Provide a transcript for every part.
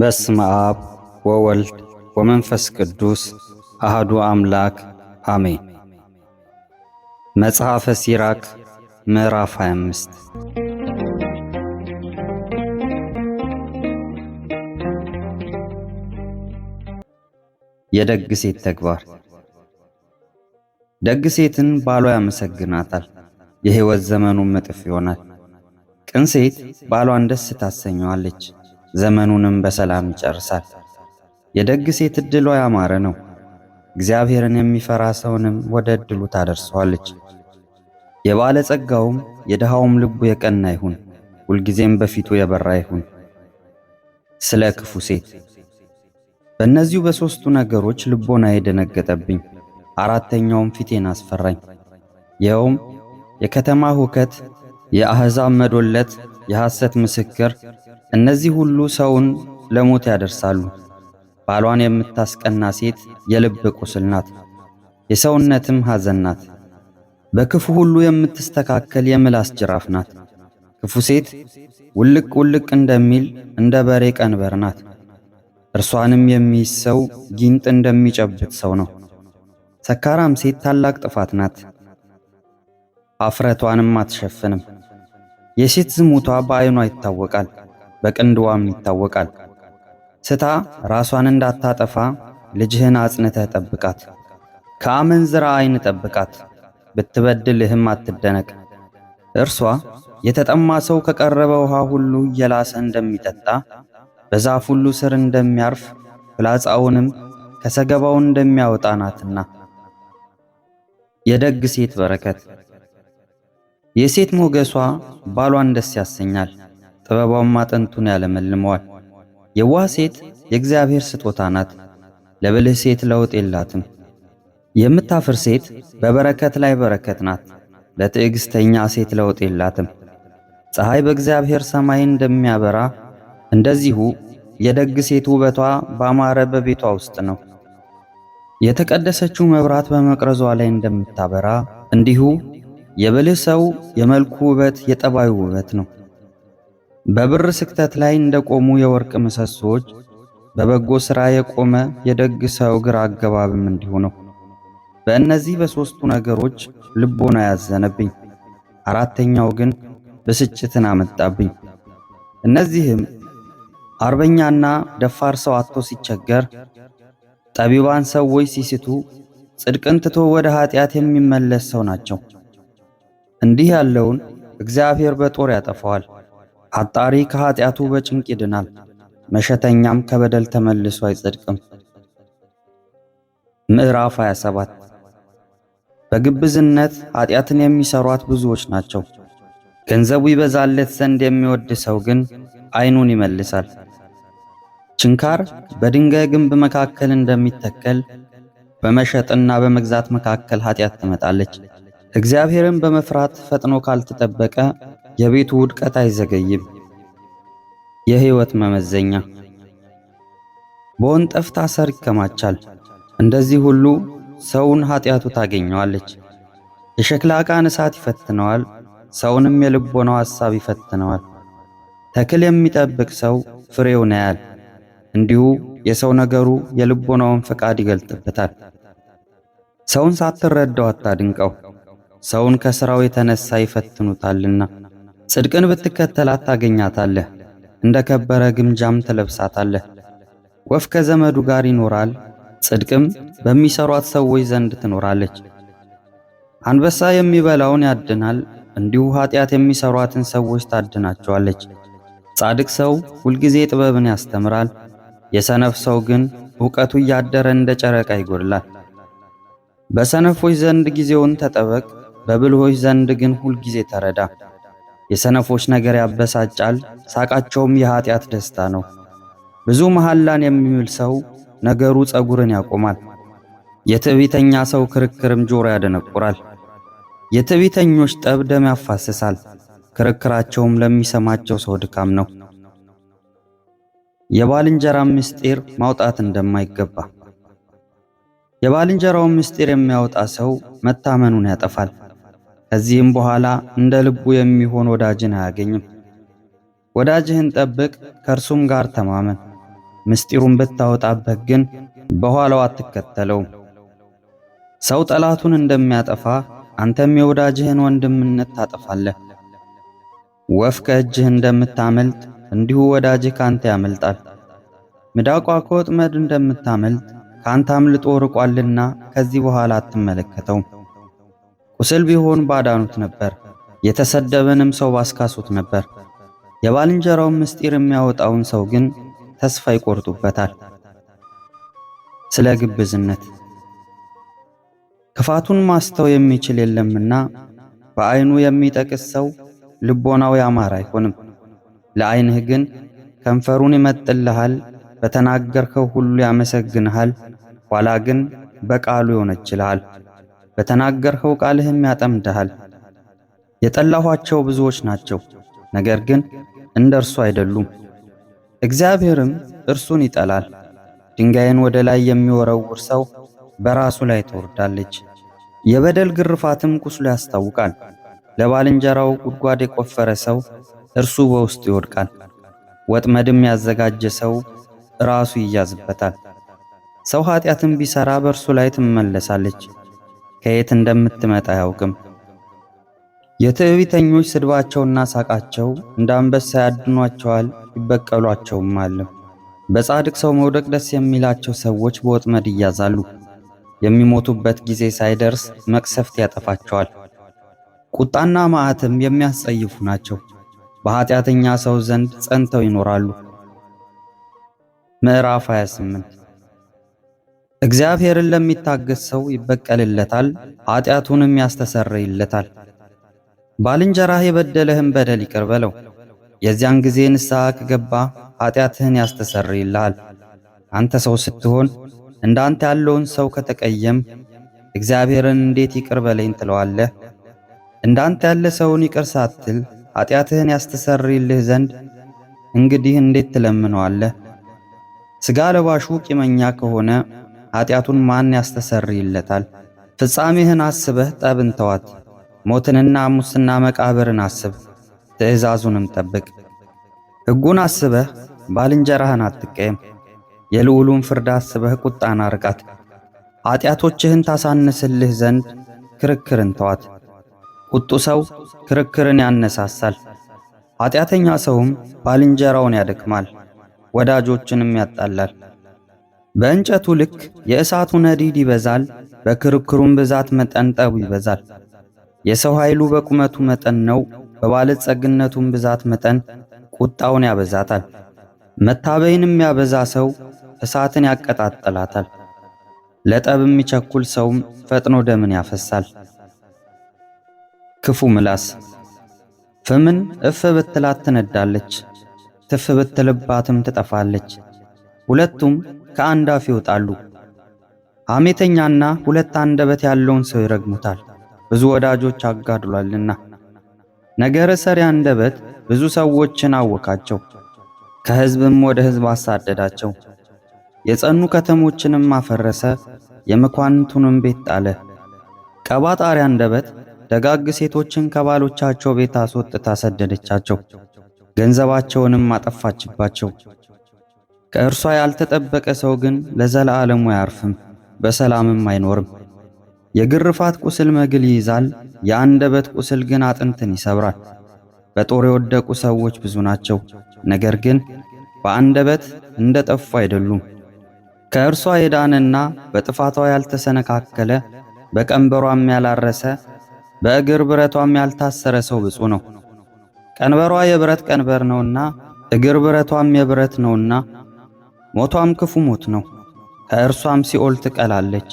በስመ አብ ወወልድ ወመንፈስ ቅዱስ አህዱ አምላክ አሜን። መጽሐፈ ሲራክ ምዕራፍ 25 የደግ ሴት ተግባር። ደግ ሴትን ባሏ ያመሰግናታል፣ የሕይወት ዘመኑም እጥፍ ይሆናል። ቅን ሴት ባሏን ደስ ታሰኘዋለች፣ ዘመኑንም በሰላም ይጨርሳል። የደግ ሴት ዕድሏ ያማረ ነው። እግዚአብሔርን የሚፈራ ሰውንም ወደ ዕድሉ ታደርሰዋለች። የባለጸጋውም የድሃውም ልቡ የቀና ይሁን፣ ሁልጊዜም በፊቱ የበራ ይሁን። ስለ ክፉ ሴት በእነዚሁ በሦስቱ ነገሮች ልቦና የደነገጠብኝ፣ አራተኛውም ፊቴን አስፈራኝ። ይኸውም የከተማ ሁከት፣ የአሕዛብ መዶለት፣ የሐሰት ምስክር፣ እነዚህ ሁሉ ሰውን ለሞት ያደርሳሉ። ባሏን የምታስቀና ሴት የልብ ቁስል ናት፣ የሰውነትም ሐዘን ናት። በክፉ ሁሉ የምትስተካከል የምላስ ጅራፍ ናት። ክፉ ሴት ውልቅ ውልቅ እንደሚል እንደ በሬ ቀንበር ናት። እርሷንም የሚይዝ ሰው ጊንጥ እንደሚጨብጥ ሰው ነው። ሰካራም ሴት ታላቅ ጥፋት ናት፣ አፍረቷንም አትሸፍንም። የሴት ዝሙቷ በዓይኗ ይታወቃል። በቅንድዋም ይታወቃል። ስታ ራሷን እንዳታጠፋ ልጅህን አጽንተህ ጠብቃት፣ ከአመንዝራ ዓይን ጠብቃት፣ ብትበድልህም አትደነቅ። እርሷ የተጠማ ሰው ከቀረበ ውሃ ሁሉ እየላሰ እንደሚጠጣ በዛፍ ሁሉ ስር እንደሚያርፍ ፍላጻውንም ከሰገባው እንደሚያወጣ ናትና። የደግ ሴት በረከት የሴት ሞገሷ ባሏን ደስ ያሰኛል። ጥበቧማ አጥንቱን ያለመልመዋል። የዋህ ሴት የእግዚአብሔር ስጦታ ናት። ለብልህ ሴት ለውጥ የላትም። የምታፍር ሴት በበረከት ላይ በረከት ናት። ለትዕግሥተኛ ሴት ለውጥ የላትም። ፀሐይ በእግዚአብሔር ሰማይ እንደሚያበራ እንደዚሁ የደግ ሴት ውበቷ ባማረ በቤቷ ውስጥ ነው። የተቀደሰችው መብራት በመቅረዟ ላይ እንደምታበራ እንዲሁ የብልህ ሰው የመልኩ ውበት የጠባዩ ውበት ነው። በብር ስክተት ላይ እንደቆሙ የወርቅ ምሰሶዎች በበጎ ሥራ የቆመ የደግ ሰው ግራ አገባብም እንዲሁ ነው። በእነዚህ በሦስቱ ነገሮች ልቦና ያዘነብኝ፣ አራተኛው ግን ብስጭትን አመጣብኝ። እነዚህም አርበኛና ደፋር ሰው አቶ ሲቸገር፣ ጠቢባን ሰዎች ሲስቱ፣ ጽድቅን ትቶ ወደ ኀጢአት የሚመለስ ሰው ናቸው። እንዲህ ያለውን እግዚአብሔር በጦር ያጠፋዋል። አጣሪ ከኃጢአቱ በጭንቅ ይድናል፣ መሸተኛም ከበደል ተመልሶ አይጸድቅም። ምዕራፍ 27 በግብዝነት ኃጢአትን የሚሰሯት ብዙዎች ናቸው። ገንዘቡ ይበዛለት ዘንድ የሚወድ ሰው ግን ዓይኑን ይመልሳል። ችንካር በድንጋይ ግንብ መካከል እንደሚተከል በመሸጥና በመግዛት መካከል ኃጢአት ትመጣለች። እግዚአብሔርን በመፍራት ፈጥኖ ካልተጠበቀ የቤቱ ውድቀት አይዘገይም። የህይወት መመዘኛ በወን ጠፍታ ሰር ይከማቻል። እንደዚህ ሁሉ ሰውን ኀጢአቱ ታገኘዋለች። የሸክላ ዕቃን እሳት ይፈትነዋል፣ ሰውንም የልቦናው ሐሳብ ይፈትነዋል። ተክል የሚጠብቅ ሰው ፍሬውን ያያል፣ እንዲሁ የሰው ነገሩ የልቦናውን ፈቃድ ይገልጥበታል። ሰውን ሳትረዳው አታድንቀው፣ ሰውን ከሥራው የተነሣ ይፈትኑታልና። ጽድቅን ብትከተላት ታገኛታለህ፣ እንደ ከበረ ግምጃም ትለብሳታለህ። ወፍ ከዘመዱ ጋር ይኖራል፣ ጽድቅም በሚሰሯት ሰዎች ዘንድ ትኖራለች። አንበሳ የሚበላውን ያድናል፣ እንዲሁ ኃጢአት የሚሰሯትን ሰዎች ታድናቸዋለች። ጻድቅ ሰው ሁልጊዜ ጥበብን ያስተምራል፣ የሰነፍ ሰው ግን ዕውቀቱ እያደረ እንደ ጨረቃ ይጎድላል። በሰነፎች ዘንድ ጊዜውን ተጠበቅ፣ በብልሆች ዘንድ ግን ሁልጊዜ ተረዳ። የሰነፎች ነገር ያበሳጫል፣ ሳቃቸውም የኀጢአት ደስታ ነው። ብዙ መሐላን የሚምል ሰው ነገሩ ጸጉርን ያቆማል። የትዕቢተኛ ሰው ክርክርም ጆሮ ያደነቁራል። የትዕቢተኞች ጠብ ደም ያፋስሳል፣ ክርክራቸውም ለሚሰማቸው ሰው ድካም ነው። የባልንጀራም ምስጢር ማውጣት እንደማይገባ የባልንጀራውን ምስጢር የሚያወጣ ሰው መታመኑን ያጠፋል። ከዚህም በኋላ እንደ ልቡ የሚሆን ወዳጅን አያገኝም። ወዳጅህን ጠብቅ፣ ከእርሱም ጋር ተማመን። ምስጢሩን ብታወጣበት ግን በኋላው አትከተለውም። ሰው ጠላቱን እንደሚያጠፋ አንተም የወዳጅህን ወንድምነት ታጠፋለህ። ወፍ ከእጅህ እንደምታመልጥ እንዲሁ ወዳጅህ ካንተ ያመልጣል። ምዳቋ ከወጥመድ እንደምታመልጥ ካንተ አምልጦ ርቋልና ከዚህ በኋላ አትመለከተውም። ቁስል ቢሆን ባዳኑት ነበር፣ የተሰደበንም ሰው ባስካሱት ነበር። የባልንጀራውን ምስጢር የሚያወጣውን ሰው ግን ተስፋ ይቆርጡበታል። ስለ ግብዝነት ክፋቱን ማስተው የሚችል የለምና በዓይኑ የሚጠቅስ ሰው ልቦናው ያማር አይሆንም። ለዓይንህ ግን ከንፈሩን ይመጥልሃል፣ በተናገርከው ሁሉ ያመሰግንሃል፣ ኋላ ግን በቃሉ ይሆነችልሃል። በተናገርኸው ቃልህም ያጠምድሃል። የጠላኋቸው ብዙዎች ናቸው፣ ነገር ግን እንደ እርሱ አይደሉም። እግዚአብሔርም እርሱን ይጠላል። ድንጋይን ወደ ላይ የሚወረውር ሰው በራሱ ላይ ትወርዳለች። የበደል ግርፋትም ቁስሉ ያስታውቃል። ለባልንጀራው ጉድጓድ የቆፈረ ሰው እርሱ በውስጡ ይወድቃል። ወጥመድም ያዘጋጀ ሰው ራሱ ይያዝበታል። ሰው ኃጢአትን ቢሠራ በእርሱ ላይ ትመለሳለች። ከየት እንደምትመጣ አያውቅም። የትዕቢተኞች ስድባቸውና ሳቃቸው እንደ አንበሳ ያድኗቸዋል፣ አለ። በጻድቅ ሰው መውደቅ ደስ የሚላቸው ሰዎች በወጥመድ ይያዛሉ። የሚሞቱበት ጊዜ ሳይደርስ መቅሰፍት ያጠፋቸዋል። ቁጣና ማዕትም የሚያስጸይፉ ናቸው። በኃጢአተኛ ሰው ዘንድ ጸንተው ይኖራሉ። ምዕራፍ 28 እግዚአብሔርን ለሚታገስ ሰው ይበቀልለታል፣ ኃጢአቱንም ያስተሰርይለታል። ባልንጀራህ የበደለህን በደል ይቅር በለው፣ የዚያን ጊዜ ንስሐ ከገባ ኃጢአትህን ያስተሰርይልሃል። አንተ ሰው ስትሆን እንዳንተ ያለውን ሰው ከተቀየም እግዚአብሔርን እንዴት ይቅር በለኝ ትለዋለህ? እንዳንተ ያለ ሰውን ይቅር ሳትል ኃጢአትህን ያስተሰርይልህ ዘንድ እንግዲህ እንዴት ትለምነዋለህ? ሥጋ ለባሹ ቂመኛ ከሆነ ኃጢአቱን ማን ያስተሰርይለታል? ፍጻሜህን አስበህ ጠብን ተዋት። ሞትንና ሙስና መቃብርን አስብ፣ ትእዛዙንም ጠብቅ። ሕጉን አስበህ ባልንጀራህን አትቀየም። የልዑሉን ፍርድ አስበህ ቁጣን አርቃት። ኃጢአቶችህን ታሳንስልህ ዘንድ ክርክርን ተዋት። ቁጡ ሰው ክርክርን ያነሳሳል፣ ኀጢአተኛ ሰውም ባልንጀራውን ያደክማል፣ ወዳጆችንም ያጣላል። በእንጨቱ ልክ የእሳቱ ነዲድ ይበዛል፣ በክርክሩም ብዛት መጠን ጠቡ ይበዛል። የሰው ኃይሉ በቁመቱ መጠን ነው፣ በባለጸግነቱም ብዛት መጠን ቁጣውን ያበዛታል። መታበይንም ያበዛ ሰው እሳትን ያቀጣጥላታል። ለጠብ የሚቸኩል ሰውም ፈጥኖ ደምን ያፈሳል። ክፉ ምላስ ፍምን እፍ ብትላት ትነዳለች፣ ትፍ ብትልባትም ትጠፋለች። ሁለቱም ከአንድ አፍ ይወጣሉ። ሐሜተኛና ሁለት አንደበት ያለውን ሰው ይረግሙታል፣ ብዙ ወዳጆች አጋድሏልና። ነገረ ሰሪ አንደበት ብዙ ሰዎችን አወካቸው፣ ከሕዝብም ወደ ሕዝብ አሳደዳቸው። የጸኑ ከተሞችንም አፈረሰ፣ የመኳንንቱንም ቤት ጣለ። ቀባጣሪ አንደበት ደጋግ ሴቶችን ከባሎቻቸው ቤት አስወጥታ ሰደደቻቸው፣ ገንዘባቸውንም አጠፋችባቸው። ከእርሷ ያልተጠበቀ ሰው ግን ለዘላለሙ አያርፍም፣ በሰላምም አይኖርም። የግርፋት ቁስል መግል ይይዛል፣ የአንደበት ቁስል ግን አጥንትን ይሰብራል። በጦር የወደቁ ሰዎች ብዙ ናቸው፣ ነገር ግን በአንደበት እንደ ጠፉ አይደሉም። ከእርሷ የዳነና በጥፋቷ ያልተሰነካከለ በቀንበሯም ያላረሰ በእግር ብረቷም ያልታሰረ ሰው ብዙ ነው። ቀንበሯ የብረት ቀንበር ነውና እግር ብረቷም የብረት ነውና ሞቷም ክፉ ሞት ነው፣ ከእርሷም ሲኦል ትቀላለች።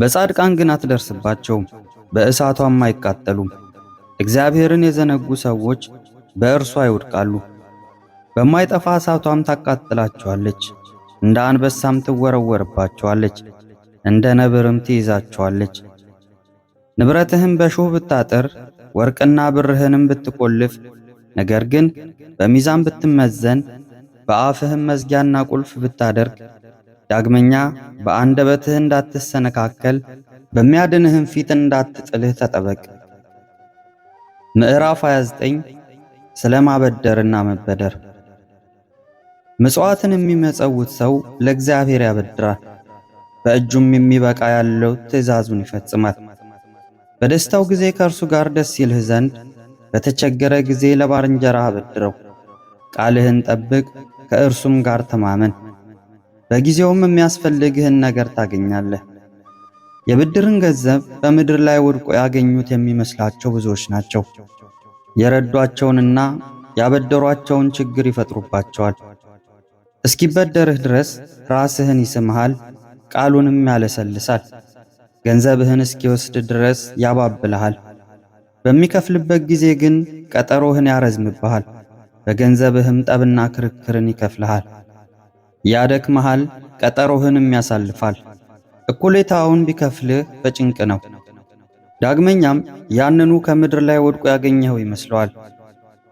በጻድቃን ግን አትደርስባቸውም፣ በእሳቷም አይቃጠሉም። እግዚአብሔርን የዘነጉ ሰዎች በእርሷ ይወድቃሉ፣ በማይጠፋ እሳቷም ታቃጥላቸዋለች። እንደ አንበሳም ትወረወርባቸዋለች፣ እንደ ነብርም ትይዛቸዋለች። ንብረትህን በሾህ ብታጥር ወርቅና ብርህንም ብትቆልፍ ነገር ግን በሚዛን ብትመዘን በአፍህም መዝጊያና ቁልፍ ብታደርግ ዳግመኛ በአንደበትህ እንዳትሰነካከል በሚያድንህም ፊት እንዳትጥልህ ተጠበቅ። ምዕራፍ 29 ስለ ማበደርና መበደር። ምጽዋትን የሚመጸውት ሰው ለእግዚአብሔር ያበድራል፣ በእጁም የሚበቃ ያለው ትእዛዙን ይፈጽማል። በደስታው ጊዜ ከእርሱ ጋር ደስ ይልህ ዘንድ በተቸገረ ጊዜ ለባልንጀራህ አበድረው። ቃልህን ጠብቅ፣ ከእርሱም ጋር ተማመን፣ በጊዜውም የሚያስፈልግህን ነገር ታገኛለህ። የብድርን ገንዘብ በምድር ላይ ወድቆ ያገኙት የሚመስላቸው ብዙዎች ናቸው። የረዷቸውንና ያበደሯቸውን ችግር ይፈጥሩባቸዋል። እስኪበደርህ ድረስ ራስህን ይስምሃል፣ ቃሉንም ያለሰልሳል። ገንዘብህን እስኪወስድ ድረስ ያባብልሃል። በሚከፍልበት ጊዜ ግን ቀጠሮህን ያረዝምብሃል። በገንዘብህም ጠብና ክርክርን ይከፍልሃል፣ ያደክመሃል፣ ቀጠሮህንም ያሳልፋል። እኩሌታውን ቢከፍልህ በጭንቅ ነው። ዳግመኛም ያንኑ ከምድር ላይ ወድቆ ያገኘኸው ይመስለዋል።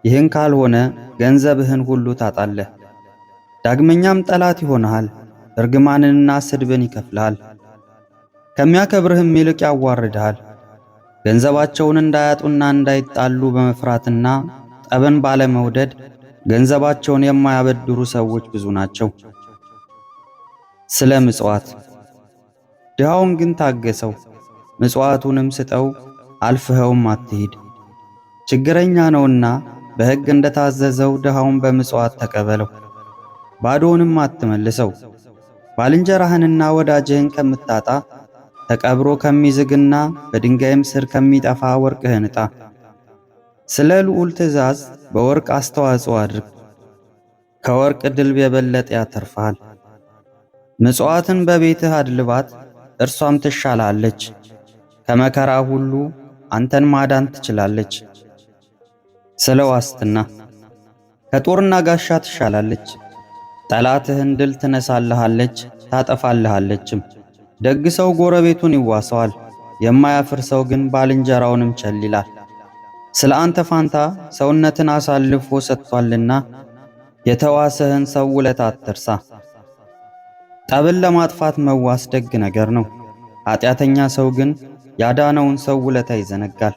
ይህን ካልሆነ ገንዘብህን ሁሉ ታጣለህ። ዳግመኛም ጠላት ይሆንሃል፣ እርግማንንና ስድብን ይከፍልሃል፣ ከሚያከብርህም ይልቅ ያዋርድሃል። ገንዘባቸውን እንዳያጡና እንዳይጣሉ በመፍራትና ጠብን ባለመውደድ ገንዘባቸውን የማያበድሩ ሰዎች ብዙ ናቸው። ስለ ምጽዋት ድሃውን ግን ታገሰው፣ ምጽዋቱንም ስጠው፣ አልፍኸውም አትሂድ። ችግረኛ ነውና በሕግ እንደታዘዘው ድሃውን በምጽዋት ተቀበለው፣ ባዶውንም አትመልሰው። ባልንጀራህንና ወዳጅህን ከምታጣ ተቀብሮ ከሚዝግና በድንጋይም ስር ከሚጠፋ ወርቅህን እጣ ስለ ልዑል ትእዛዝ በወርቅ አስተዋጽኦ አድርግ፣ ከወርቅ ድልብ የበለጠ ያተርፋል። ምጽዋትን በቤትህ አድልባት፣ እርሷም ትሻላለች። ከመከራ ሁሉ አንተን ማዳን ትችላለች። ስለ ዋስትና ከጦርና ጋሻ ትሻላለች። ጠላትህን ድል ትነሳልሃለች፣ ታጠፋልሃለችም። ደግ ሰው ጎረቤቱን ይዋሰዋል፣ የማያፍር ሰው ግን ባልንጀራውንም ቸል ይላል። ስለ አንተ ፋንታ ሰውነትን አሳልፎ ሰጥቷልና የተዋሰህን ሰው ውለታ አትርሳ። ጠብን ለማጥፋት መዋስ ደግ ነገር ነው። ኃጢአተኛ ሰው ግን ያዳነውን ሰው ውለታ ይዘነጋል።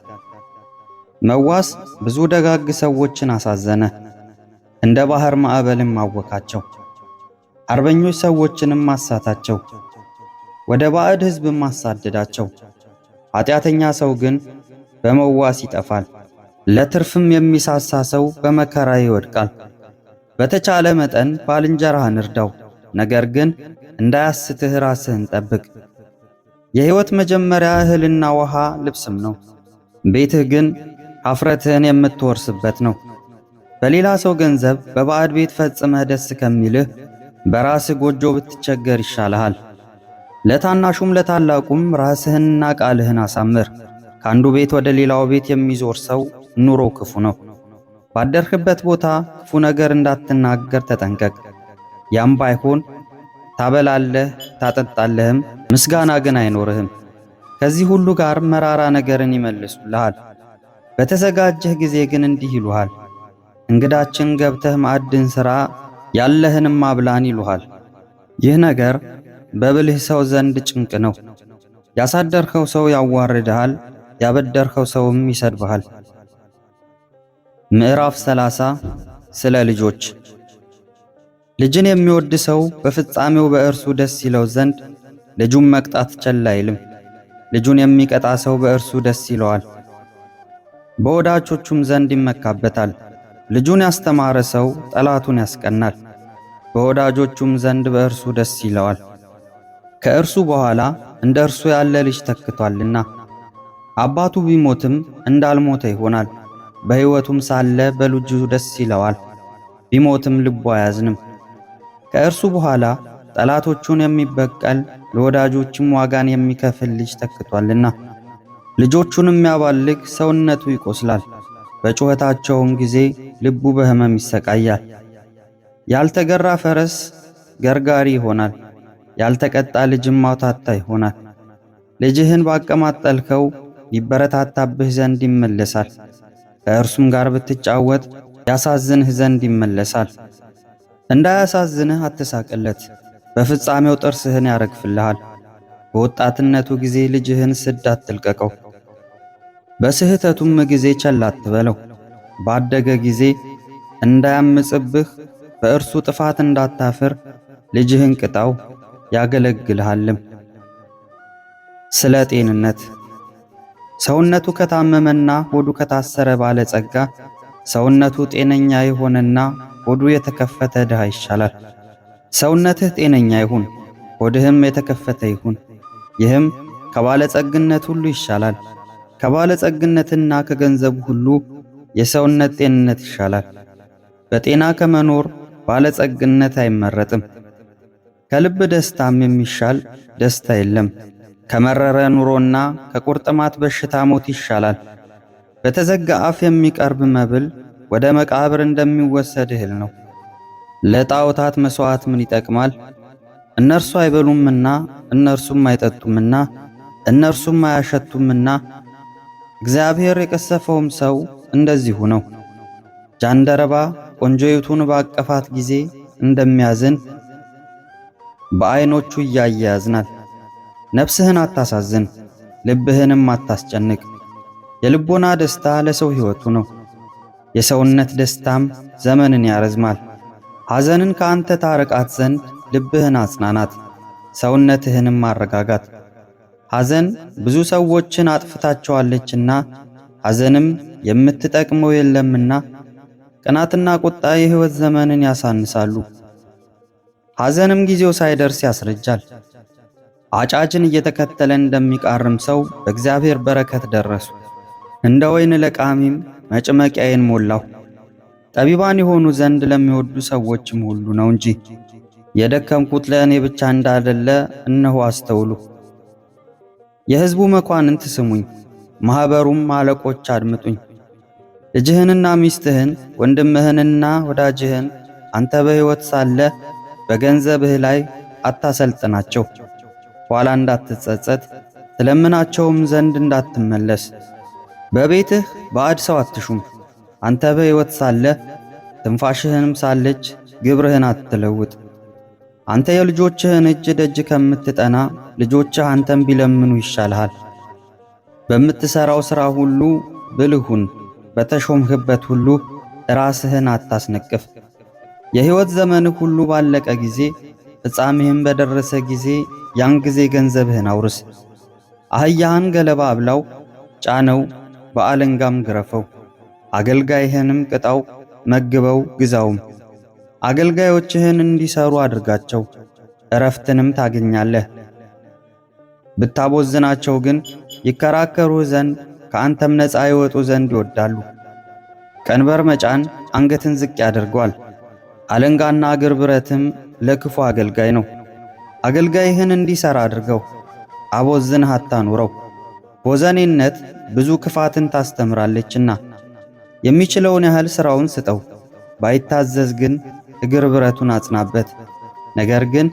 መዋስ ብዙ ደጋግ ሰዎችን አሳዘነ፣ እንደ ባህር ማዕበልም አወካቸው። አርበኞች ሰዎችንም ማሳታቸው፣ ወደ ባዕድ ሕዝብም ማሳደዳቸው። ኃጢአተኛ ሰው ግን በመዋስ ይጠፋል። ለትርፍም የሚሳሳ ሰው በመከራ ይወድቃል። በተቻለ መጠን ባልንጀራህን እርዳው፣ ነገር ግን እንዳያስትህ ራስህን ጠብቅ። የሕይወት መጀመሪያ እህልና ውሃ ልብስም ነው። ቤትህ ግን አፍረትህን የምትወርስበት ነው። በሌላ ሰው ገንዘብ በባዕድ ቤት ፈጽመህ ደስ ከሚልህ በራስህ ጎጆ ብትቸገር ይሻልሃል። ለታናሹም ለታላቁም ራስህንና ቃልህን አሳምር። ከአንዱ ቤት ወደ ሌላው ቤት የሚዞር ሰው ኑሮ ክፉ ነው። ባደርህበት ቦታ ክፉ ነገር እንዳትናገር ተጠንቀቅ። ያም ባይሆን ታበላለህ ታጠጣለህም፣ ምስጋና ግን አይኖርህም። ከዚህ ሁሉ ጋር መራራ ነገርን ይመልሱልሃል። በተዘጋጀህ ጊዜ ግን እንዲህ ይሉሃል፣ እንግዳችን ገብተህ ማዕድን ሥራ ያለህንም አብላን ይሉሃል። ይህ ነገር በብልህ ሰው ዘንድ ጭንቅ ነው። ያሳደርኸው ሰው ያዋርድሃል፣ ያበደርኸው ሰውም ይሰድብሃል። ምዕራፍ 30 ስለ ልጆች ልጅን የሚወድ ሰው በፍጻሜው በእርሱ ደስ ይለው ዘንድ ልጁን መቅጣት ቸል አይልም። ልጁን የሚቀጣ ሰው በእርሱ ደስ ይለዋል፣ በወዳጆቹም ዘንድ ይመካበታል። ልጁን ያስተማረ ሰው ጠላቱን ያስቀናል፣ በወዳጆቹም ዘንድ በእርሱ ደስ ይለዋል። ከእርሱ በኋላ እንደ እርሱ ያለ ልጅ ተክቷልና አባቱ ቢሞትም እንዳልሞተ ይሆናል። በሕይወቱም ሳለ በልጁ ደስ ይለዋል፣ ቢሞትም ልቡ አያዝንም። ከእርሱ በኋላ ጠላቶቹን የሚበቀል ለወዳጆችም ዋጋን የሚከፍል ልጅ ተክቷልና ልጆቹን የሚያባልግ ሰውነቱ ይቆስላል፣ በጩኸታቸውም ጊዜ ልቡ በሕመም ይሰቃያል። ያልተገራ ፈረስ ገርጋሪ ይሆናል፣ ያልተቀጣ ልጅም ማውታታ ይሆናል። ልጅህን ባቀማጠልከው ይበረታታብህ ዘንድ ይመለሳል። ከእርሱም ጋር ብትጫወት ያሳዝንህ ዘንድ ይመለሳል። እንዳያሳዝንህ አትሳቅለት፣ በፍጻሜው ጥርስህን ያረግፍልሃል። በወጣትነቱ ጊዜ ልጅህን ስድ አትልቀቀው፣ በስህተቱም ጊዜ ቸል አትበለው። ባደገ ጊዜ እንዳያምጽብህ በእርሱ ጥፋት እንዳታፍር ልጅህን ቅጣው፣ ያገለግልሃልም። ስለ ጤንነት ሰውነቱ ከታመመና ሆዱ ከታሰረ ባለጸጋ ሰውነቱ ጤነኛ የሆነና ሆዱ የተከፈተ ድሃ ይሻላል። ሰውነትህ ጤነኛ ይሁን፣ ሆድህም የተከፈተ ይሁን፣ ይህም ከባለጸግነት ሁሉ ይሻላል። ከባለጸግነትና ከገንዘብ ሁሉ የሰውነት ጤንነት ይሻላል። በጤና ከመኖር ባለጸግነት አይመረጥም። ከልብ ደስታም የሚሻል ደስታ የለም። ከመረረ ኑሮና ከቁርጥማት በሽታ ሞት ይሻላል። በተዘጋ አፍ የሚቀርብ መብል ወደ መቃብር እንደሚወሰድ እህል ነው። ለጣዖታት መሥዋዕት ምን ይጠቅማል? እነርሱ አይበሉምና፣ እነርሱም አይጠጡምና፣ እነርሱም አያሸቱምና። እግዚአብሔር የቀሰፈውም ሰው እንደዚሁ ነው። ጃንደረባ ቆንጆይቱን ባቀፋት ጊዜ እንደሚያዝን በዐይኖቹ እያየ ያዝናል። ነፍስህን አታሳዝን፣ ልብህንም አታስጨንቅ። የልቦና ደስታ ለሰው ሕይወቱ ነው። የሰውነት ደስታም ዘመንን ያረዝማል። ሐዘንን ከአንተ ታርቃት ዘንድ ልብህን አጽናናት፣ ሰውነትህንም አረጋጋት። ሐዘን ብዙ ሰዎችን አጥፍታቸዋለችና ሐዘንም የምትጠቅመው የለምና ቅናትና ቁጣ የሕይወት ዘመንን ያሳንሳሉ። ሐዘንም ጊዜው ሳይደርስ ያስረጃል። አጫጅን እየተከተለ እንደሚቃርም ሰው በእግዚአብሔር በረከት ደረሱ። እንደ ወይን ለቃሚም መጭመቂያዬን ሞላሁ። ጠቢባን የሆኑ ዘንድ ለሚወዱ ሰዎችም ሁሉ ነው እንጂ የደከምኩት ለእኔ ብቻ እንዳደለ እነሆ አስተውሉ። የሕዝቡ መኳንንት ስሙኝ፣ ማኅበሩም አለቆች አድምጡኝ። ልጅህንና ሚስትህን ወንድምህንና ወዳጅህን አንተ በሕይወት ሳለ በገንዘብህ ላይ አታሰልጥናቸው። ኋላ እንዳትጸጸት ትለምናቸውም ዘንድ እንዳትመለስ። በቤትህ ባዕድ ሰው አትሹም። አንተ በሕይወት ሳለ ትንፋሽህንም ሳለች ግብርህን አትለውጥ። አንተ የልጆችህን እጅ ደጅ ከምትጠና ልጆችህ አንተን ቢለምኑ ይሻልሃል። በምትሠራው ሥራ ሁሉ ብልሁን፣ በተሾምህበት ሁሉ ራስህን አታስነቅፍ። የሕይወት ዘመንህ ሁሉ ባለቀ ጊዜ ፍጻሜህም በደረሰ ጊዜ ያን ጊዜ ገንዘብህን አውርስ። አህያህን ገለባ አብላው፣ ጫነው፣ በአለንጋም ግረፈው። አገልጋይህንም ቅጣው፣ መግበው፣ ግዛውም። አገልጋዮችህን እንዲሰሩ አድርጋቸው፣ እረፍትንም ታገኛለህ። ብታቦዝናቸው ግን ይከራከሩህ ዘንድ ከአንተም ነፃ ይወጡ ዘንድ ይወዳሉ። ቀንበር መጫን አንገትን ዝቅ ያደርገዋል፣ አለንጋና እግር ብረትም ለክፉ አገልጋይ ነው። አገልጋይህን እንዲሠራ አድርገው፣ አቦዝንህ አታኑረው። ቦዘኔነት ብዙ ክፋትን ታስተምራለችና የሚችለውን ያህል ሥራውን ስጠው። ባይታዘዝ ግን እግር ብረቱን አጽናበት። ነገር ግን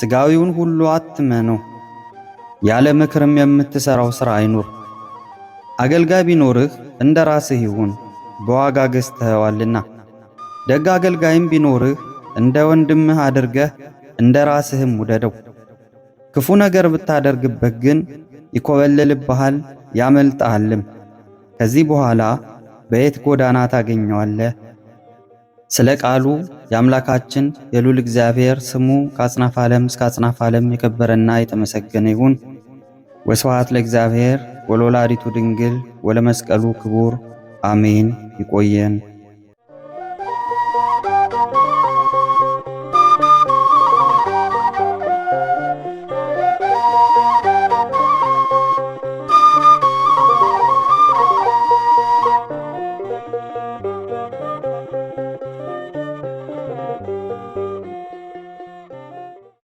ሥጋዊውን ሁሉ አትመነው። ያለ ምክርም የምትሠራው ሥራ አይኑር። አገልጋይ ቢኖርህ እንደ ራስህ ይሁን፣ በዋጋ ገዝተኸዋልና። ደግ አገልጋይም ቢኖርህ እንደ ወንድምህ አድርገህ እንደ ራስህም ውደደው። ክፉ ነገር ብታደርግበት ግን ይኮበልልብሃል፣ ያመልጥሃልም። ከዚህ በኋላ በየት ጎዳና ታገኘዋለህ? ስለ ቃሉ የአምላካችን የሉል እግዚአብሔር ስሙ ከአጽናፍ ዓለም እስከ አጽናፍ ዓለም የከበረና የተመሰገነ ይሁን። ወስብሐት ለእግዚአብሔር ወለወላዲቱ ድንግል ወለመስቀሉ ክቡር አሜን። ይቆየን።